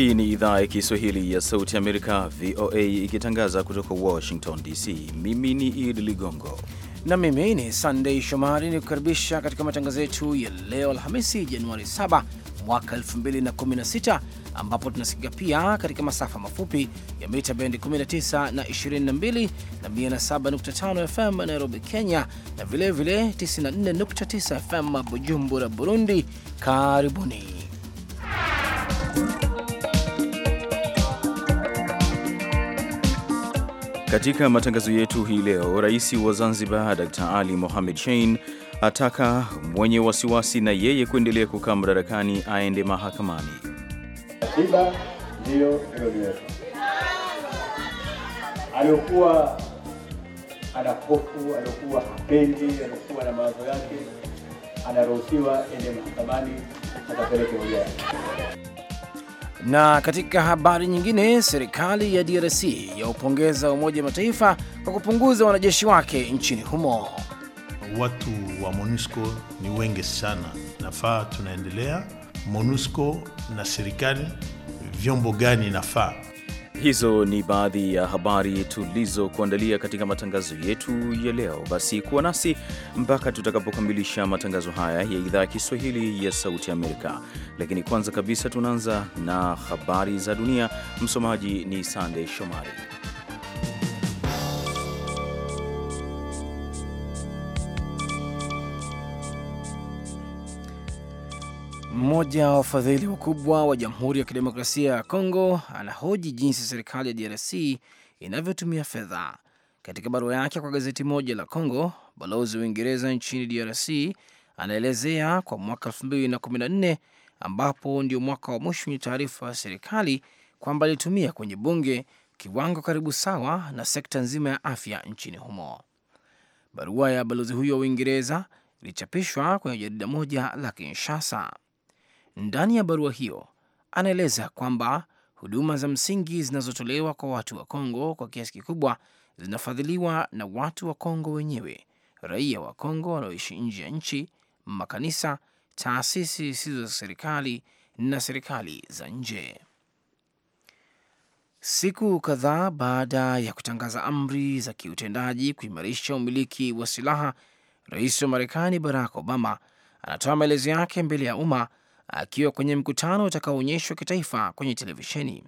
Hii ni idhaa ya Kiswahili ya Sauti Amerika, VOA, ikitangaza kutoka Washington DC. Mimi ni Idi Ligongo na mimi ni Sandei Shomari, ni kukaribisha katika matangazo yetu ya leo Alhamisi, Januari 7 mwaka 2016 ambapo tunasikika pia katika masafa mafupi ya mita bendi 19 na 22 na 107.5 FM Nairobi, Kenya, na vilevile 94.9 FM Bujumbura, Burundi. Karibuni Katika matangazo yetu hii leo, rais wa Zanzibar Dr Ali Mohamed Shein ataka mwenye wasiwasi na yeye kuendelea kukaa madarakani aende mahakamani. Katiba ndiyo mioyo aliyokuwa Aliokuwa ana hofu, aliokuwa hapendi, aliokuwa na mawazo yake, anaruhusiwa ende mahakamani, atapeleke hoja yake. Na katika habari nyingine, serikali ya DRC yaupongeza Umoja wa Mataifa kwa kupunguza wanajeshi wake nchini humo. Watu wa MONUSCO ni wengi sana, nafaa tunaendelea MONUSCO na serikali vyombo gani nafaa Hizo ni baadhi ya habari tulizokuandalia katika matangazo yetu ya leo. Basi kuwa nasi mpaka tutakapokamilisha matangazo haya ya idhaa ya Kiswahili ya Sauti Amerika, lakini kwanza kabisa tunaanza na habari za dunia. Msomaji ni Sandey Shomari. Mmoja wa wafadhili wakubwa wa Jamhuri ya Kidemokrasia ya Kongo anahoji jinsi serikali ya DRC inavyotumia fedha. Katika barua yake kwa gazeti moja la Kongo, balozi wa Uingereza nchini DRC anaelezea kwa mwaka 2014 ambapo ndio mwaka wa mwisho wenye taarifa ya serikali kwamba alitumia kwenye bunge kiwango karibu sawa na sekta nzima ya afya nchini humo. Barua ya balozi huyo wa Uingereza ilichapishwa kwenye jarida moja la Kinshasa. Ndani ya barua hiyo anaeleza kwamba huduma za msingi zinazotolewa kwa watu wa Kongo kwa kiasi kikubwa zinafadhiliwa na watu wa Kongo wenyewe, raia wa Kongo wanaoishi nje ya nchi, makanisa, taasisi zisizo za serikali na serikali za nje. Siku kadhaa baada ya kutangaza amri za kiutendaji kuimarisha umiliki wa silaha, rais wa Marekani Barack Obama anatoa maelezo yake mbele ya umma akiwa kwenye mkutano utakaoonyeshwa kitaifa kwenye televisheni.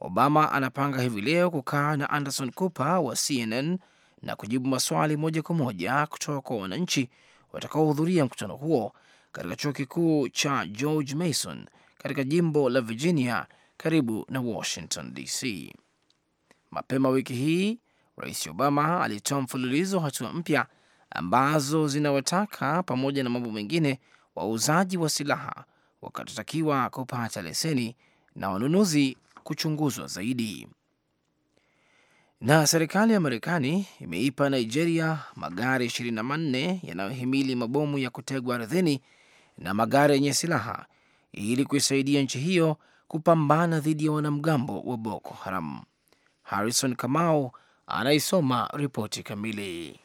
Obama anapanga hivi leo kukaa na Anderson Cooper wa CNN na kujibu maswali moja kwa moja kutoka kwa wananchi watakaohudhuria mkutano huo katika chuo kikuu cha George Mason katika jimbo la Virginia karibu na Washington DC. Mapema wiki hii, Rais Obama alitoa mfululizo wa hatua mpya ambazo zinawataka pamoja na mambo mengine wauzaji wa silaha wakatotakiwa kupata leseni na wanunuzi kuchunguzwa zaidi. Na serikali ya Marekani imeipa Nigeria magari 24 yanayohimili mabomu ya kutegwa ardhini na magari yenye silaha ili kuisaidia nchi hiyo kupambana dhidi ya wanamgambo wa Boko Haram. Harrison Kamau anaisoma ripoti kamili.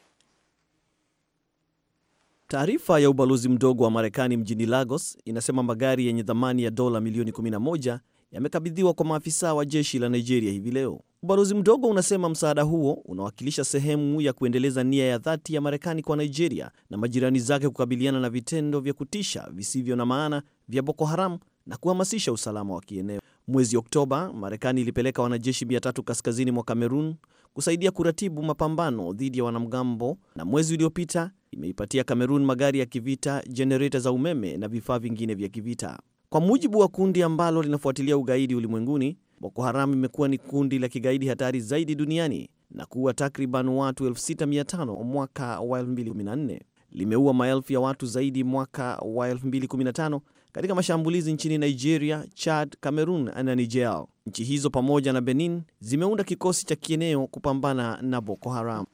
Taarifa ya ubalozi mdogo wa Marekani mjini Lagos inasema magari yenye thamani ya dola milioni 11 yamekabidhiwa kwa maafisa wa jeshi la Nigeria hivi leo. Ubalozi mdogo unasema msaada huo unawakilisha sehemu ya kuendeleza nia ya dhati ya Marekani kwa Nigeria na majirani zake kukabiliana na vitendo vya kutisha visivyo na maana vya Boko Haram na kuhamasisha usalama wa kieneo. Mwezi Oktoba, Marekani ilipeleka wanajeshi 300 kaskazini mwa Kamerun kusaidia kuratibu mapambano dhidi ya wanamgambo, na mwezi uliopita imeipatia Kamerun magari ya kivita, jenereta za umeme na vifaa vingine vya kivita. Kwa mujibu wa kundi ambalo linafuatilia ugaidi ulimwenguni, Boko Haram imekuwa ni kundi la kigaidi hatari zaidi duniani na kuua takriban watu 6500 mwaka wa 2014. Limeua maelfu ya watu zaidi mwaka wa 2015 katika mashambulizi nchini Nigeria, Chad, Cameroon na Niger. Nchi hizo pamoja na Benin zimeunda kikosi cha kieneo kupambana na Boko Haram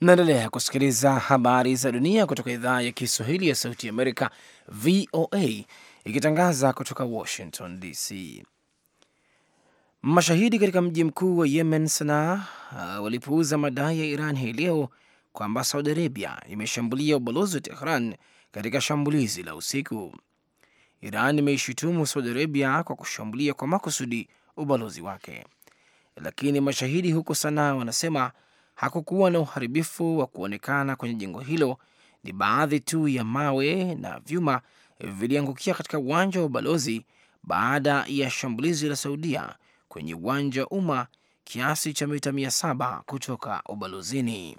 naendelea kusikiliza habari za dunia kutoka idhaa ya Kiswahili ya Sauti ya Amerika, VOA, ikitangaza kutoka Washington DC. Mashahidi katika mji mkuu wa Yemen, Sanaa, uh, walipuuza madai ya Iran hii leo kwamba Saudi Arabia imeshambulia ubalozi wa Tehran katika shambulizi la usiku. Iran imeishutumu Saudi Arabia kwa kushambulia kwa makusudi ubalozi wake, lakini mashahidi huko Sanaa wanasema hakukuwa na uharibifu wa kuonekana kwenye jengo hilo. Ni baadhi tu ya mawe na vyuma viliangukia katika uwanja wa ubalozi baada ya shambulizi la Saudia kwenye uwanja wa umma kiasi cha mita mia saba kutoka ubalozini.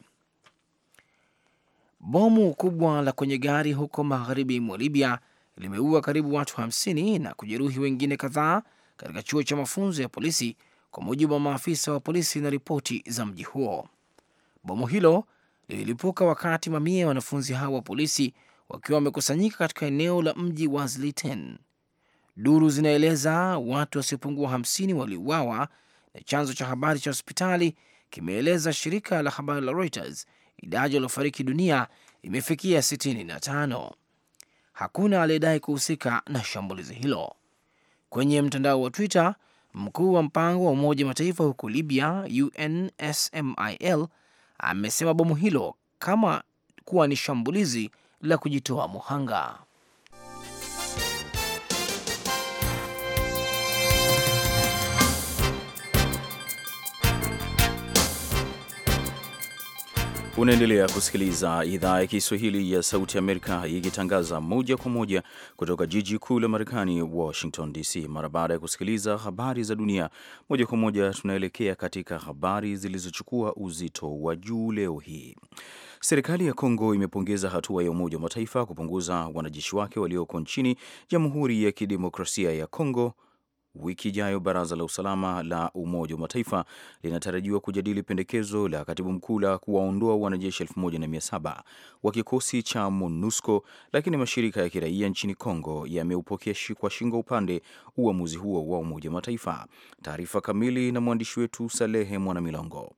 Bomu kubwa la kwenye gari huko magharibi mwa Libya limeua karibu watu hamsini na kujeruhi wengine kadhaa katika chuo cha mafunzo ya polisi, kwa mujibu wa maafisa wa polisi na ripoti za mji huo. Bomu hilo lililipuka wakati mamia ya wanafunzi hao wa polisi wakiwa wamekusanyika katika eneo la mji wa Zliten. Duru zinaeleza watu wasiopungua hamsini waliuawa, na chanzo cha habari cha hospitali kimeeleza shirika la habari la Reuters idadi waliofariki dunia imefikia 65. Hakuna aliyedai kuhusika na shambulizi hilo. Kwenye mtandao wa Twitter, mkuu wa mpango wa Umoja Mataifa huko Libya, UNSMIL, amesema bomu hilo kama kuwa ni shambulizi la kujitoa muhanga. Unaendelea kusikiliza idhaa ya Kiswahili ya Sauti Amerika ikitangaza moja kwa moja kutoka jiji kuu la Marekani, Washington DC. Mara baada ya kusikiliza habari za dunia moja kwa moja, tunaelekea katika habari zilizochukua uzito wa juu leo hii. Serikali ya Kongo imepongeza hatua ya Umoja wa Mataifa kupunguza wanajeshi wake walioko nchini Jamhuri ya Kidemokrasia ya Kongo Wiki ijayo baraza la usalama la Umoja wa Mataifa linatarajiwa kujadili pendekezo la katibu mkuu la kuwaondoa wanajeshi 1700 wa kikosi cha MONUSCO, lakini mashirika ya kiraia nchini congo yameupokea kwa shingo upande uamuzi huo wa Umoja wa Mataifa. Taarifa kamili na mwandishi wetu Salehe Mwanamilongo.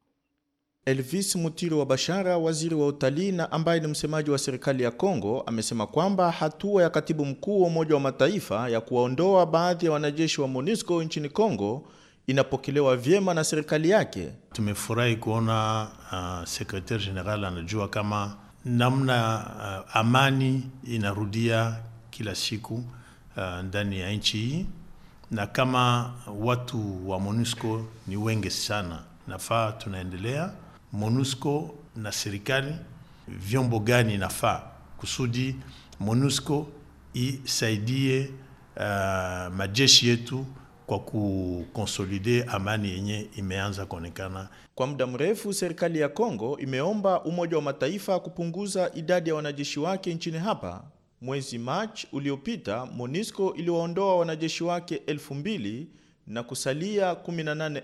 Elvis Mutiri wa Bashara, waziri wa utalii na ambaye ni msemaji wa serikali ya Kongo, amesema kwamba hatua ya katibu mkuu wa Umoja wa Mataifa ya kuwaondoa baadhi ya wanajeshi wa MONUSCO nchini Kongo inapokelewa vyema na serikali yake. Tumefurahi kuona uh, sekretari general anajua kama namna uh, amani inarudia kila siku uh, ndani ya nchi hii, na kama watu wa MONUSCO ni wengi sana, nafaa tunaendelea MONUSCO na serikali vyombo gani nafaa kusudi MONUSCO isaidie uh, majeshi yetu kwa kukonsolide amani yenye imeanza kuonekana kwa muda mrefu. Serikali ya Kongo imeomba Umoja wa Mataifa kupunguza idadi ya wanajeshi wake nchini hapa. Mwezi Machi uliopita, MONUSCO iliwaondoa wanajeshi wake elfu mbili na kusalia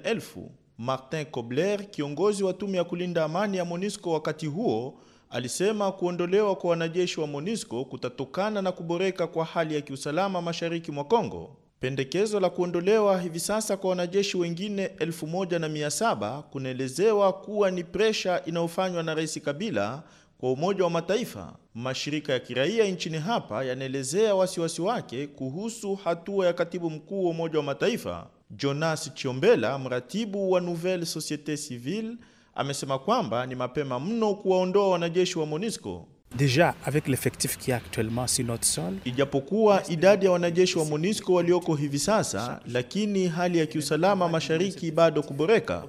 elfu Martin Kobler, kiongozi wa tume ya kulinda amani ya MONUSCO wakati huo, alisema kuondolewa kwa wanajeshi wa MONUSCO kutatokana na kuboreka kwa hali ya kiusalama mashariki mwa Kongo. Pendekezo la kuondolewa hivi sasa kwa wanajeshi wengine 1700 kunaelezewa kuwa ni presha inayofanywa na Rais Kabila kwa Umoja wa Mataifa. Mashirika ya kiraia nchini hapa yanaelezea wasiwasi wake kuhusu hatua ya katibu mkuu wa Umoja wa Mataifa Jonas Chiombela, mratibu wa Nouvelle Societe Civile, amesema kwamba ni mapema mno kuwaondoa wanajeshi wa MONUSCO. Deja avec l'effectif qui est actuellement sur notre sol. Ijapokuwa idadi ya wanajeshi wa MONUSCO walioko hivi sasa, lakini hali ya kiusalama mashariki bado kuboreka.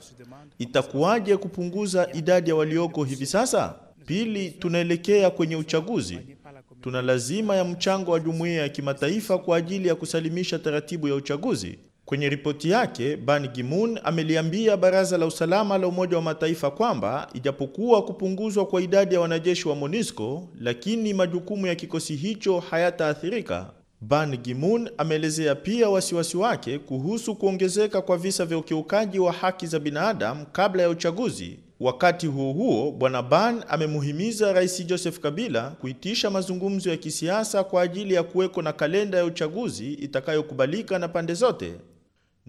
Itakuwaje kupunguza idadi ya walioko hivi sasa? Pili, tunaelekea kwenye uchaguzi. Tuna lazima ya mchango wa jumuiya ya kimataifa kwa ajili ya kusalimisha taratibu ya uchaguzi. Kwenye ripoti yake, Ban Ki-moon ameliambia Baraza la Usalama la Umoja wa Mataifa kwamba ijapokuwa kupunguzwa kwa idadi ya wanajeshi wa MONUSCO, lakini majukumu ya kikosi hicho hayataathirika. Ban Ki-moon ameelezea pia wasiwasi wake kuhusu kuongezeka kwa visa vya ukiukaji wa haki za binadamu kabla ya uchaguzi. Wakati huo huo, Bwana Ban amemuhimiza Rais Joseph Kabila kuitisha mazungumzo ya kisiasa kwa ajili ya kuweko na kalenda ya uchaguzi itakayokubalika na pande zote.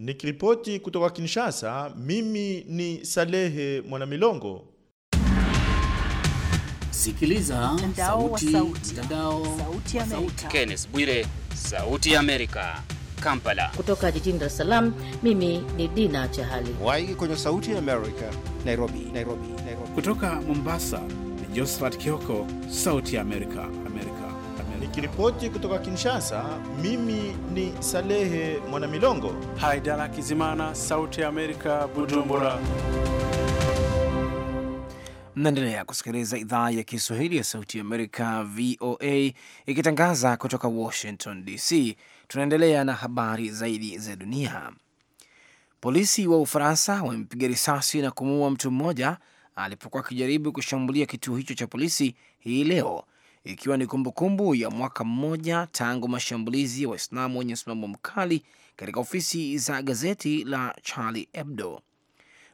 Nikiripoti kutoka Kinshasa, mimi ni Salehe Mwanamilongo. Sikiliza sauti, sauti, mtandao, sauti ya Amerika. Kenneth Bwire, sauti ya Amerika. Kampala. Kutoka jijini Dar es Salaam, mimi ni Dina Chahali. Waiki kwenye sauti ya Amerika, Nairobi, Nairobi, Nairobi. Kutoka Mombasa ni Josephat Kioko, sauti ya Amerika. Nikiripoti kutoka Kinshasa, mimi ni Salehe Mwanamilongo. Haidara Kizimana, Sauti ya Amerika, Bujumbura. Mnaendelea kusikiliza idhaa ya Kiswahili ya Sauti ya Amerika, VOA, ikitangaza kutoka Washington DC. Tunaendelea na habari zaidi za dunia. Polisi wa Ufaransa wamempiga risasi na kumuua mtu mmoja alipokuwa akijaribu kushambulia kituo hicho cha polisi hii leo ikiwa ni kumbukumbu ya mwaka mmoja tangu mashambulizi ya wa Waislamu wenye msimamo mkali katika ofisi za gazeti la Charlie Hebdo.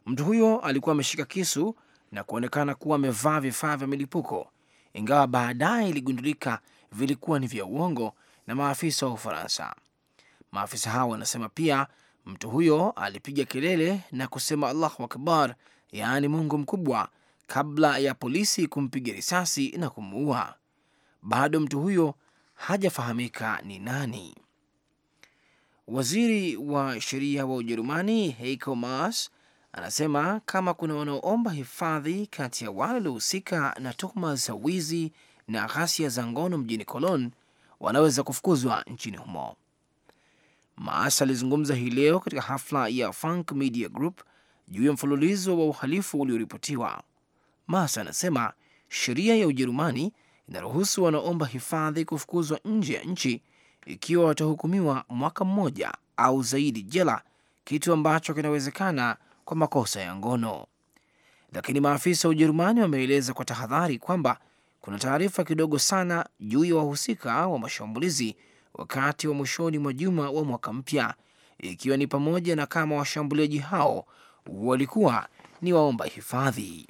Mtu huyo alikuwa ameshika kisu na kuonekana kuwa amevaa vifaa vya milipuko, ingawa baadaye iligundulika vilikuwa ni vya uongo na maafisa wa Ufaransa. Maafisa hao wanasema pia mtu huyo alipiga kelele na kusema Allahu akbar, yaani Mungu mkubwa, kabla ya polisi kumpiga risasi na kumuua bado mtu huyo hajafahamika ni nani. Waziri wa sheria wa Ujerumani Heiko Maas anasema kama kuna wanaoomba hifadhi kati ya wale waliohusika na tuhuma za wizi na ghasia za ngono mjini Cologne wanaweza kufukuzwa nchini humo. Maas alizungumza hii leo katika hafla ya Funk Media Group juu ya mfululizo wa uhalifu ulioripotiwa. Maas anasema sheria ya Ujerumani inaruhusu wanaomba hifadhi kufukuzwa nje ya nchi ikiwa watahukumiwa mwaka mmoja au zaidi jela, kitu ambacho kinawezekana kwa makosa ya ngono. Lakini maafisa wa Ujerumani wameeleza kwa tahadhari kwamba kuna taarifa kidogo sana juu ya wahusika wa mashambulizi wakati wa mwishoni mwa juma wa mwaka mpya, ikiwa ni pamoja na kama washambuliaji hao walikuwa ni waomba hifadhi.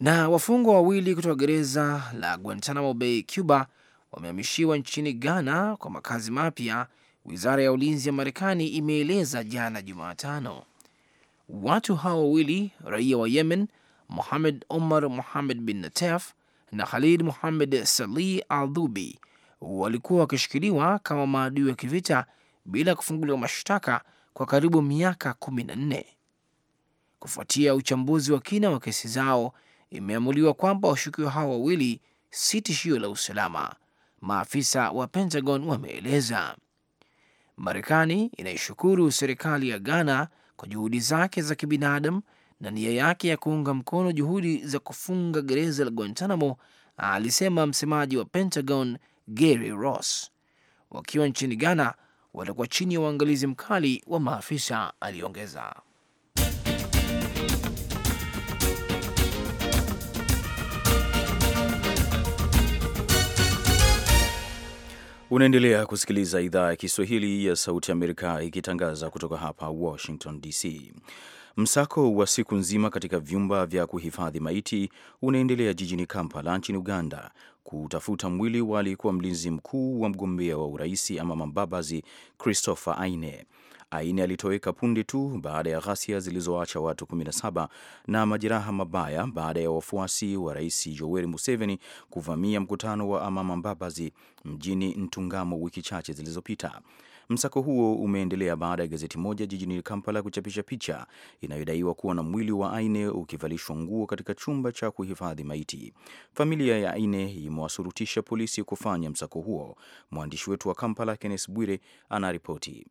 Na wafungwa wawili kutoka gereza la Guantanamo Bay, Cuba, wamehamishiwa nchini Ghana kwa makazi mapya, wizara ya ulinzi ya Marekani imeeleza jana Jumatano. Watu hao wawili, raia wa Yemen muhamed Omar muhamed bin Natef na Khalid muhamed Salih Al Dhubi, walikuwa wakishikiliwa kama maadui wa kivita bila kufunguliwa mashtaka kwa karibu miaka kumi na nne kufuatia uchambuzi wa kina wa kesi zao imeamuliwa kwamba washukiwa hao wawili si tishio la usalama, maafisa wa Pentagon wameeleza. Marekani inaishukuru serikali ya Ghana kwa juhudi zake za kibinadamu na nia yake ya kuunga mkono juhudi za kufunga gereza la Guantanamo, alisema msemaji wa Pentagon Gary Ross. Wakiwa nchini Ghana watakuwa chini ya uangalizi mkali wa maafisa, aliongeza. Unaendelea kusikiliza idhaa ya Kiswahili ya Sauti Amerika ikitangaza kutoka hapa Washington DC. Msako wa siku nzima katika vyumba vya kuhifadhi maiti unaendelea jijini Kampala nchini Uganda kutafuta mwili wa aliyekuwa mlinzi mkuu wa mgombea wa uraisi ama Mambabazi, Christopher Aine. Aine alitoweka punde tu baada ya ghasia zilizoacha watu 17 na majeraha mabaya baada ya wafuasi wa Rais Yoweri Museveni kuvamia mkutano wa Amama Mbabazi mjini Ntungamo wiki chache zilizopita. Msako huo umeendelea baada ya gazeti moja jijini Kampala kuchapisha picha inayodaiwa kuwa na mwili wa Aine ukivalishwa nguo katika chumba cha kuhifadhi maiti. Familia ya Aine imewasurutisha polisi kufanya msako huo. Mwandishi wetu wa Kampala, Kenneth Bwire, anaripoti.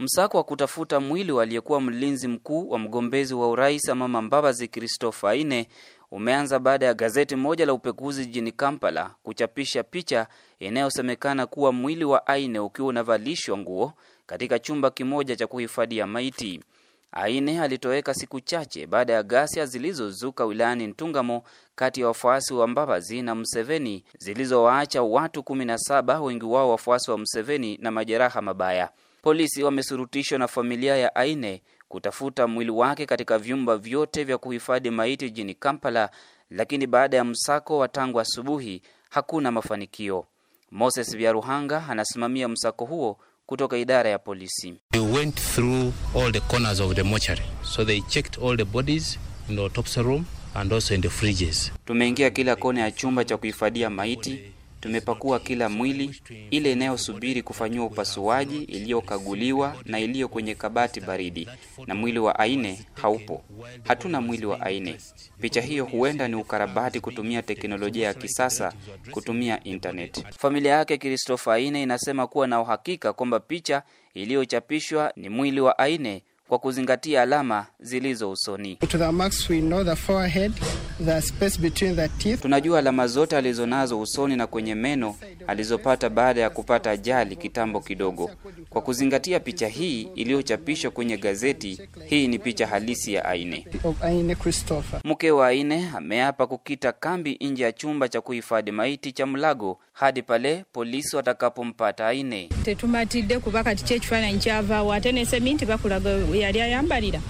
Msako wa kutafuta mwili wa aliyekuwa mlinzi mkuu wa mgombezi wa urais Amama Mbabazi Kristofa Aine umeanza baada ya gazeti moja la upekuzi jijini Kampala kuchapisha picha inayosemekana kuwa mwili wa Aine ukiwa unavalishwa nguo katika chumba kimoja cha kuhifadhia maiti. Aine alitoweka siku chache baada ya ghasia zilizozuka wilayani Ntungamo kati ya wafuasi wa Mbabazi na Mseveni zilizowaacha watu 17 wengi wao wafuasi wa Mseveni na majeraha mabaya. Polisi wamesurutishwa na familia ya Aine kutafuta mwili wake katika vyumba vyote vya kuhifadhi maiti jijini Kampala, lakini baada ya msako wa tangu asubuhi hakuna mafanikio. Moses Byaruhanga anasimamia msako huo kutoka idara ya polisi. We went through all the corners of the mortuary. So they checked all the bodies in the autopsy room and also in the fridges. Tumeingia kila kona ya chumba cha kuhifadhia maiti Tumepakua kila mwili, ile inayosubiri kufanyiwa upasuaji, iliyokaguliwa na iliyo kwenye kabati baridi, na mwili wa aine haupo. Hatuna mwili wa aine. Picha hiyo huenda ni ukarabati kutumia teknolojia ya kisasa, kutumia internet. Familia yake Christopher Aine inasema kuwa na uhakika kwamba picha iliyochapishwa ni mwili wa aine kwa kuzingatia alama zilizo usoni. Tunajua alama zote alizonazo usoni na kwenye meno alizopata baada ya kupata ajali kitambo kidogo. Kwa kuzingatia picha hii iliyochapishwa kwenye gazeti, hii ni picha halisi ya Aine. Mke wa Aine ameapa kukita kambi nje ya chumba cha kuhifadhi maiti cha Mlago hadi pale polisi watakapompata aine tetumatidde kuba kati kyekifaananyi kyavaawo ate ne seminti bakulaga yali ayambalira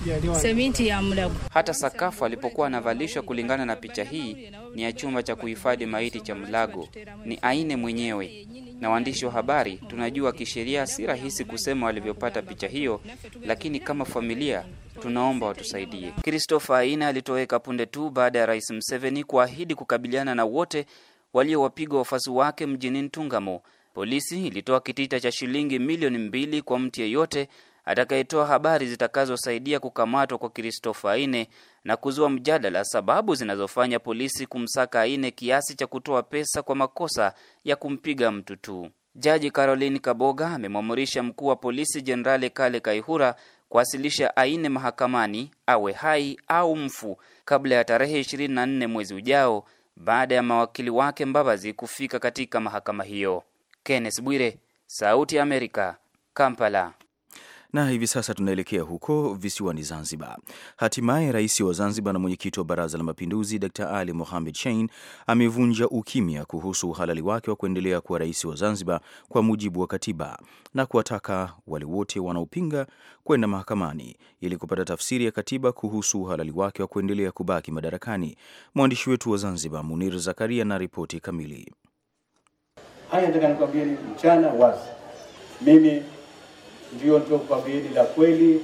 seminti ya mulago hata sakafu alipokuwa anavalishwa kulingana na picha hii ni ya chumba cha kuhifadhi maiti cha mlago ni aine mwenyewe na waandishi wa habari tunajua kisheria si rahisi kusema walivyopata picha hiyo lakini kama familia tunaomba watusaidie. Christopher Aina alitoweka punde tu baada ya Rais mseveni kuahidi kukabiliana na wote waliowapiga wafuasi wake mjini Ntungamo. Polisi ilitoa kitita cha shilingi milioni mbili kwa mtu yeyote atakayetoa habari zitakazosaidia kukamatwa kwa Christopher Aine na kuzua mjadala sababu zinazofanya polisi kumsaka Aine kiasi cha kutoa pesa kwa makosa ya kumpiga mtu tu. Jaji Caroline Kaboga amemwamurisha mkuu wa polisi Jenerali Kale Kaihura kuwasilisha Aine mahakamani awe hai au mfu kabla ya tarehe 24 mwezi ujao baada ya mawakili wake Mbabazi kufika katika mahakama hiyo. Kenneth Bwire, Sauti ya Amerika, Kampala na hivi sasa tunaelekea huko visiwani Zanzibar. Hatimaye rais wa Zanzibar na mwenyekiti wa baraza la mapinduzi Dr Ali Mohamed Shein amevunja ukimya kuhusu uhalali wake wa kuendelea kuwa rais wa Zanzibar kwa mujibu wa katiba na kuwataka wale wote wanaopinga kwenda mahakamani ili kupata tafsiri ya katiba kuhusu uhalali wake wa kuendelea kubaki madarakani. Mwandishi wetu wa Zanzibar Munir Zakaria na ripoti kamili. Haya, nataka nikwambie mchana wazi mimi ndio nitakayokuabidi la kweli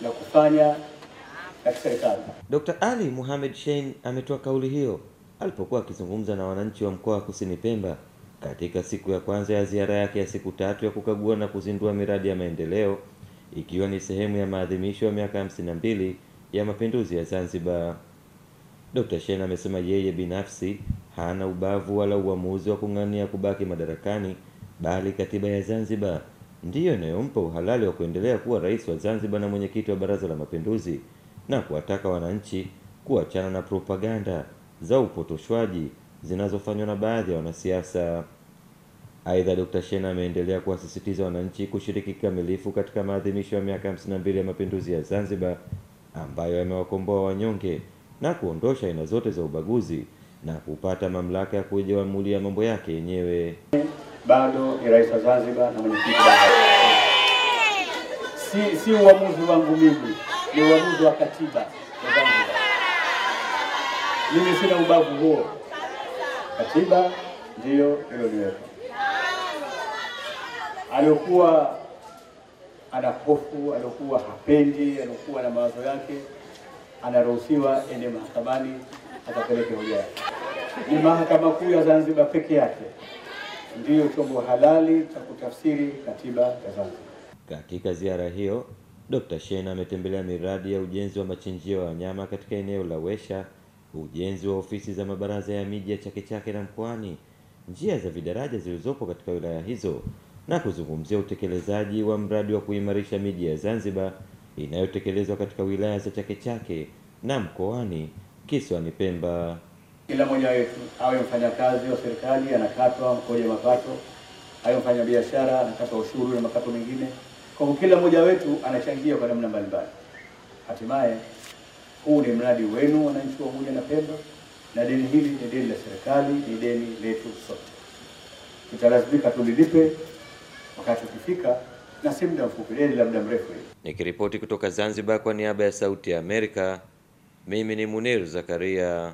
la kufanya la kiserikali. Dr. Ali Muhammad Shein ametoa kauli hiyo alipokuwa akizungumza na wananchi wa mkoa wa Kusini Pemba katika siku ya kwanza ya ziara yake ya siku tatu ya kukagua na kuzindua miradi ya maendeleo ikiwa ni sehemu ya maadhimisho ya miaka 52 ya mapinduzi ya Zanzibar. Dr. Shein amesema yeye binafsi hana ubavu wala uamuzi wa kung'ania kubaki madarakani, bali katiba ya Zanzibar ndiyo inayompa uhalali wa kuendelea kuwa rais wa Zanzibar na mwenyekiti wa Baraza la Mapinduzi na kuwataka wananchi kuachana na propaganda za upotoshwaji zinazofanywa na baadhi ya wanasiasa. Aidha, d Shena ameendelea kuwasisitiza wananchi kushiriki kikamilifu katika maadhimisho ya miaka 52 ya mapinduzi ya Zanzibar ambayo yamewakomboa wanyonge na kuondosha aina zote za ubaguzi na kupata mamlaka ya kujiamulia mambo yake yenyewe bado ni rais wa Zanzibar na mwenyekiti wa si, si uamuzi wangu mimi, ni uamuzi wa katiba ya Zanzibar. Mimi sina ubavu huo, katiba ndiyo iloniweka. Aliokuwa ana hofu, aliokuwa hapendi, aliokuwa na mawazo yake, anaruhusiwa ende mahakamani akapeleke hoja yake. Ni mahakama kuu ya Zanzibar peke yake ndiyo chombo halali cha kutafsiri katiba ya Zanzibar. Katika ziara hiyo, Dr. Shein ametembelea miradi ya ujenzi wa machinjio ya wanyama katika eneo la Wesha, ujenzi wa ofisi za mabaraza ya miji ya Chake Chake na Mkoani, njia za vidaraja zilizopo katika wilaya hizo na kuzungumzia utekelezaji wa mradi wa kuimarisha miji ya Zanzibar inayotekelezwa katika wilaya za Chake Chake na Mkoani, Kisiwani Pemba. Kila mmoja wetu awe mfanyakazi wa serikali anakatwa mkoja mapato, awe mfanyabiashara anakatwa ushuru na mapato mengine. Kwa hivyo kila mmoja wetu anachangia kwa namna mbalimbali. Hatimaye huu ni mradi wenu wananchi wa Unguja na Pemba, na deni hili ni deni la serikali, ni deni letu sote. Tutalazimika tulilipe wakati ukifika, na si muda mfupi, deni la muda mrefu. Nikiripoti kutoka Zanzibar kwa niaba ya Sauti ya Amerika, mimi ni Munir Zakaria.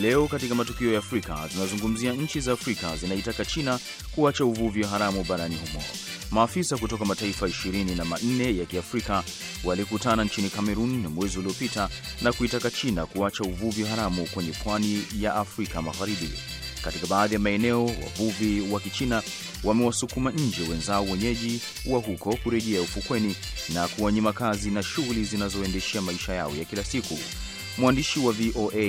Leo katika matukio ya Afrika tunazungumzia nchi za Afrika zinaitaka China kuacha uvuvi haramu barani humo. Maafisa kutoka mataifa ishirini na manne ya Kiafrika walikutana nchini Kamerun mwezi uliopita na kuitaka China kuacha uvuvi haramu kwenye pwani ya Afrika Magharibi. Katika baadhi ya maeneo wavuvi wa Kichina wamewasukuma nje wenzao wenyeji wa huko kurejea ufukweni na kuwanyima kazi na shughuli zinazoendeshea maisha yao ya kila siku. Mwandishi wa VOA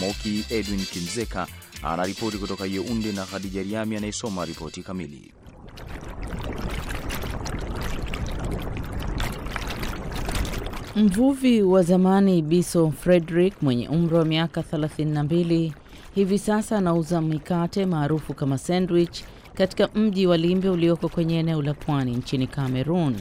Moki Edwin Kinzeka anaripoti kutoka Yeunde na Khadija Riami anayesoma ripoti kamili. Mvuvi wa zamani Biso Frederick mwenye umri wa miaka 32 hivi sasa anauza mikate maarufu kama sandwich katika mji wa Limbe ulioko kwenye eneo la pwani nchini Cameroon.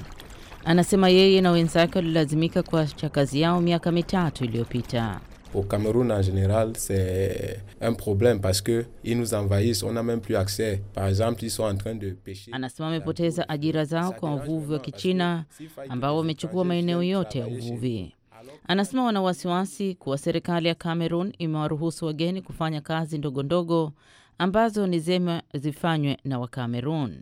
Anasema yeye na wenzake walilazimika kuacha kazi yao miaka mitatu iliyopita. Au Cameroun en c'est un problème parce que ils nous envahissent, on n'a même plus accès. Par exemple, ils sont en train de pêcher. Anasema amepoteza ajira zao kwa wavuvi wa Kichina ambao wamechukua maeneo yote ya uvuvi. Anasema wana wasiwasi kuwa serikali ya Cameroon imewaruhusu wageni kufanya kazi ndogo ndogo ambazo ni zema zifanywe na Wakamerun.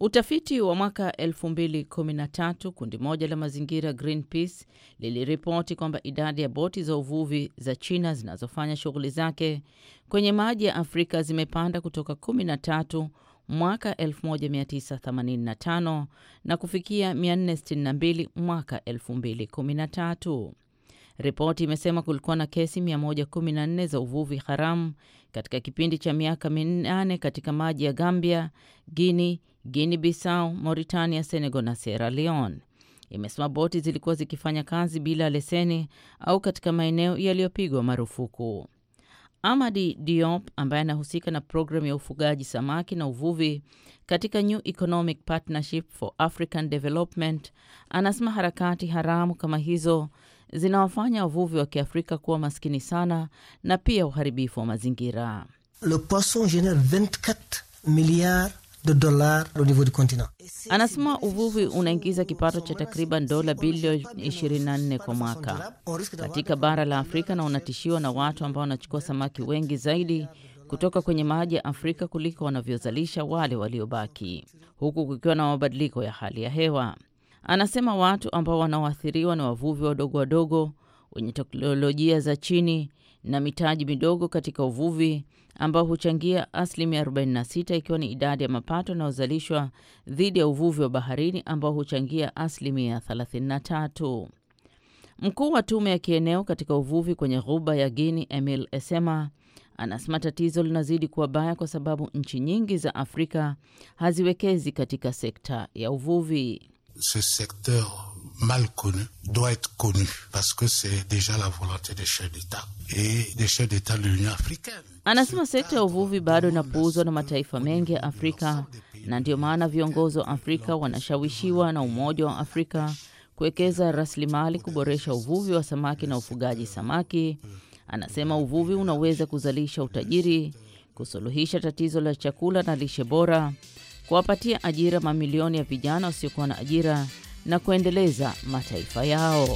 Utafiti wa mwaka 2013 kundi moja la mazingira Greenpeace liliripoti kwamba idadi ya boti za uvuvi za China zinazofanya shughuli zake kwenye maji ya Afrika zimepanda kutoka 13 mwaka 1985 na kufikia 462 mwaka 2013. Ripoti imesema kulikuwa na kesi 114 za uvuvi haramu katika kipindi cha miaka minane katika maji ya Gambia, Guinea, Guinea Bissau, Mauritania, Senegal na Sierra Leone. Imesema boti zilikuwa zikifanya kazi bila leseni au katika maeneo yaliyopigwa marufuku. Amadi Diop ambaye anahusika na programu ya ufugaji samaki na uvuvi katika New Economic Partnership for African Development anasema harakati haramu kama hizo zinawafanya wavuvi wa Kiafrika kuwa maskini sana na pia uharibifu wa mazingira. Le poisson genere 24 milliards de dollars au niveau du continent. Anasema uvuvi unaingiza kipato cha takriban dola bilioni 24 kwa mwaka katika bara la Afrika na unatishiwa na watu ambao wanachukua samaki wengi zaidi kutoka kwenye maji ya Afrika kuliko wanavyozalisha wale waliobaki, huku kukiwa na mabadiliko ya hali ya hewa. Anasema watu ambao wanaoathiriwa ni wavuvi wadogo wadogo wenye teknolojia za chini na mitaji midogo katika uvuvi ambao huchangia asilimia 46 ikiwa ni idadi ya mapato yanayozalishwa dhidi ya uvuvi wa baharini ambao huchangia asilimia 33. Mkuu wa tume ya kieneo katika uvuvi kwenye ghuba ya Guini, Emil Esema, anasema tatizo linazidi kuwa baya kwa sababu nchi nyingi za Afrika haziwekezi katika sekta ya uvuvi. Ce secteur mal connu doit connu parce que c'est deja la des chefs d'etat et des chefs d'etat de l'Union africaine Anasema sekta ya uvuvi bado inapuuzwa na mataifa mengi ya Afrika, na ndiyo maana viongozi wa Afrika wanashawishiwa na Umoja wa Afrika kuwekeza rasilimali kuboresha uvuvi wa samaki na ufugaji samaki. Anasema uvuvi unaweza kuzalisha utajiri, kusuluhisha tatizo la chakula na lishe bora, kuwapatia ajira mamilioni ya vijana wasiokuwa na ajira na kuendeleza mataifa yao.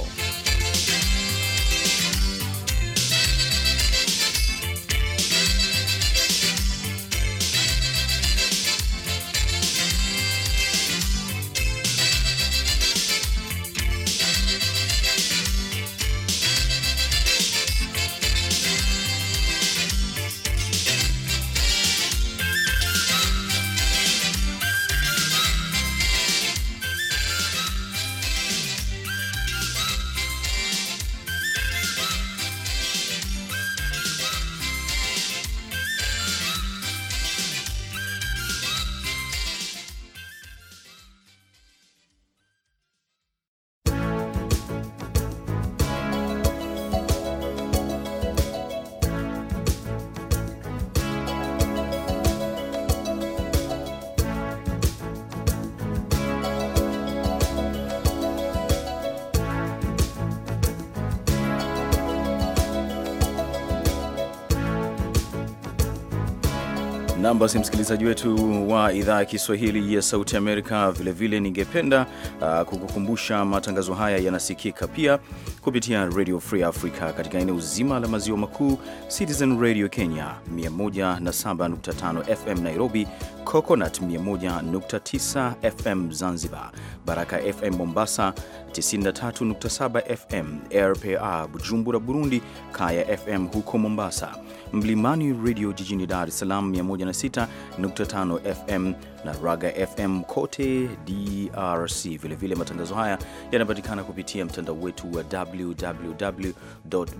Nam, basi msikilizaji wetu wa idhaa ya Kiswahili ya Sauti Amerika, vilevile ningependa uh, kukukumbusha matangazo haya yanasikika pia kupitia Radio Free Africa katika eneo zima la maziwa makuu, Citizen Radio Kenya 107.5 FM Nairobi, Coconut 101.9 FM Zanzibar, Baraka FM Mombasa 93.7 FM, RPA Bujumbura Burundi, Kaya FM huko Mombasa Mlimani Radio jijini Dar es Salaam 106.5 FM na Raga FM kote DRC. Vilevile vile matangazo haya yanapatikana kupitia mtandao wetu wa www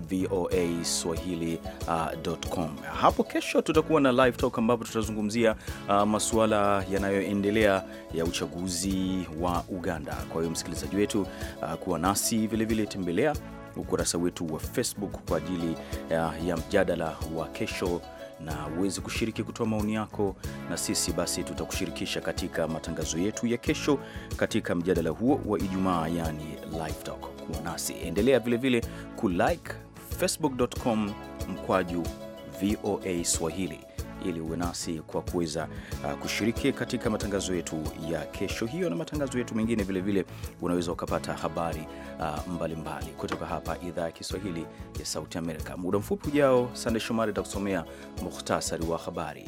voa swahilicom uh, Hapo kesho tutakuwa na live talk ambapo tutazungumzia uh, masuala yanayoendelea ya uchaguzi wa Uganda. Kwa hiyo msikilizaji wetu uh, kuwa nasi vilevile, vile tembelea ukurasa wetu wa Facebook kwa ajili eh, ya mjadala wa kesho na uweze kushiriki kutoa maoni yako, na sisi basi tutakushirikisha katika matangazo yetu ya kesho katika mjadala huo wa Ijumaa, yani live talk. Kuwa nasi, endelea vilevile kulike facebook.com mkwaju VOA Swahili ili uwe nasi kwa kuweza uh, kushiriki katika matangazo yetu ya kesho hiyo na matangazo yetu mengine vilevile. Unaweza ukapata habari uh, mbalimbali kutoka hapa idhaa ya Kiswahili ya Sauti Amerika. Muda mfupi ujao, Sande Shomari atakusomea muhtasari wa habari.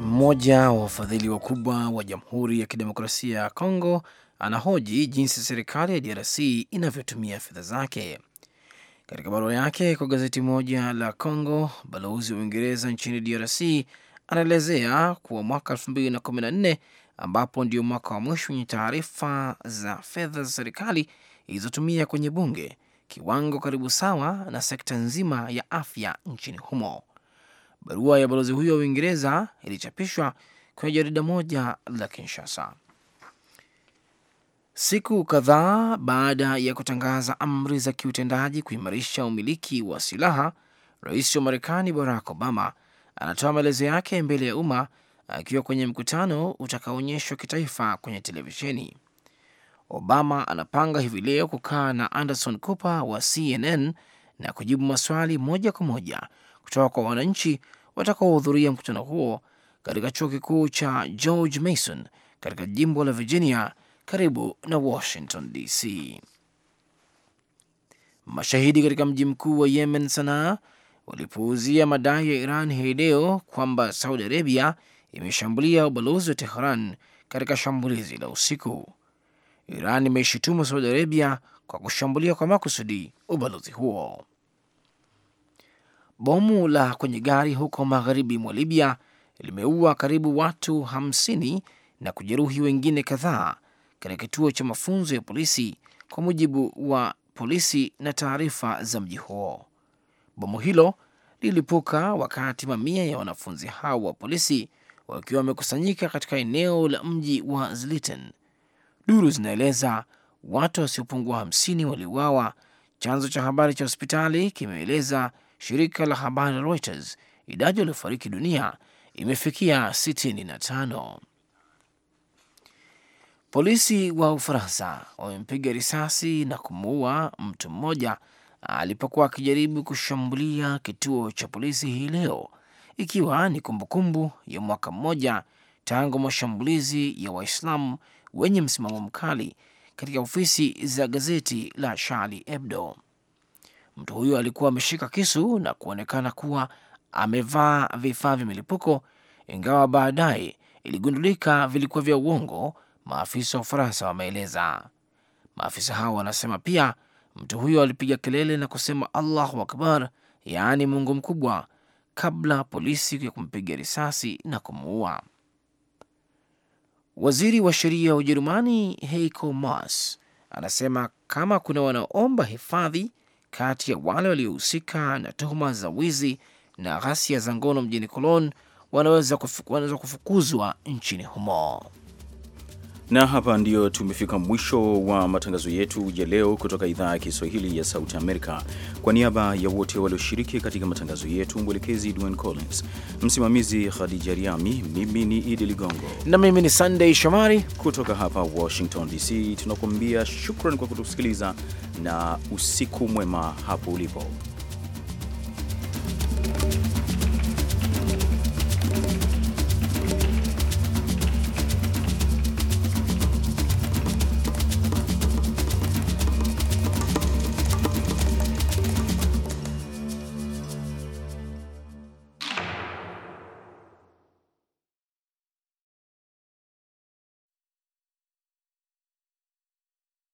Mmoja wa wafadhili wakubwa wa Jamhuri ya Kidemokrasia ya Kongo anahoji jinsi serikali ya DRC inavyotumia fedha zake. Katika barua yake kwa gazeti moja la Congo, balozi wa Uingereza nchini DRC anaelezea kuwa mwaka 2014 ambapo ndio mwaka wa mwisho wenye taarifa za fedha za serikali ilizotumia kwenye bunge, kiwango karibu sawa na sekta nzima ya afya nchini humo. Barua ya balozi huyo wa Uingereza ilichapishwa kwenye jarida moja la Kinshasa siku kadhaa baada ya kutangaza amri za kiutendaji kuimarisha umiliki wa silaha. Rais wa Marekani Barack Obama anatoa maelezo yake mbele ya umma akiwa kwenye mkutano utakaoonyeshwa kitaifa kwenye televisheni. Obama anapanga hivi leo kukaa na Anderson Cooper wa CNN na kujibu maswali moja kwa moja kutoka kwa wananchi watakaohudhuria mkutano huo katika chuo kikuu cha George Mason katika jimbo la Virginia karibu na Washington DC. Mashahidi katika mji mkuu wa Yemen, Sanaa, walipuuzia madai ya Iran hii leo kwamba Saudi Arabia imeshambulia ubalozi wa Tehran katika shambulizi la usiku. Iran imeishutumu Saudi Arabia kwa kushambulia kwa makusudi ubalozi huo. Bomu la kwenye gari huko magharibi mwa Libya limeua karibu watu hamsini na kujeruhi wengine kadhaa katika kituo cha mafunzo ya polisi, kwa mujibu wa polisi na taarifa za mji huo. Bomu hilo lilipuka wakati mamia ya wanafunzi hao wa polisi wakiwa wamekusanyika katika eneo la mji wa Zliten. Duru zinaeleza watu wasiopungua hamsini waliuawa. Chanzo cha habari cha hospitali kimeeleza shirika la habari la Reuters idadi waliofariki dunia imefikia tano Polisi wa Ufaransa wamempiga risasi na kumuua mtu mmoja alipokuwa akijaribu kushambulia kituo cha polisi hii leo, ikiwa ni kumbukumbu ya mwaka mmoja tangu mashambulizi ya Waislamu wenye msimamo mkali katika ofisi za gazeti la Charlie Hebdo. Mtu huyo alikuwa ameshika kisu na kuonekana kuwa amevaa vifaa vya milipuko, ingawa baadaye iligundulika vilikuwa vya uongo maafisa wa Ufaransa wameeleza. Maafisa hao wanasema pia mtu huyo alipiga kelele na kusema Allahu akbar, yaani Mungu mkubwa, kabla polisi ya kumpiga risasi na kumuua. Waziri wa sheria wa Ujerumani Heiko Maas anasema kama kuna wanaoomba hifadhi kati ya wale waliohusika na tuhuma za wizi na ghasia za ngono mjini Cologne wanaweza wanaweza kufukuzwa nchini humo. Na hapa ndiyo tumefika mwisho wa matangazo yetu ya leo kutoka idhaa ya Kiswahili ya Sauti Amerika. Kwa niaba ya wote walioshiriki katika matangazo yetu, mwelekezi Dwayne Collins, msimamizi Khadija Riami, mimi ni Idi Ligongo na mimi ni Sunday Shomari kutoka hapa Washington DC, tunakuambia shukran kwa kutusikiliza na usiku mwema hapo ulipo.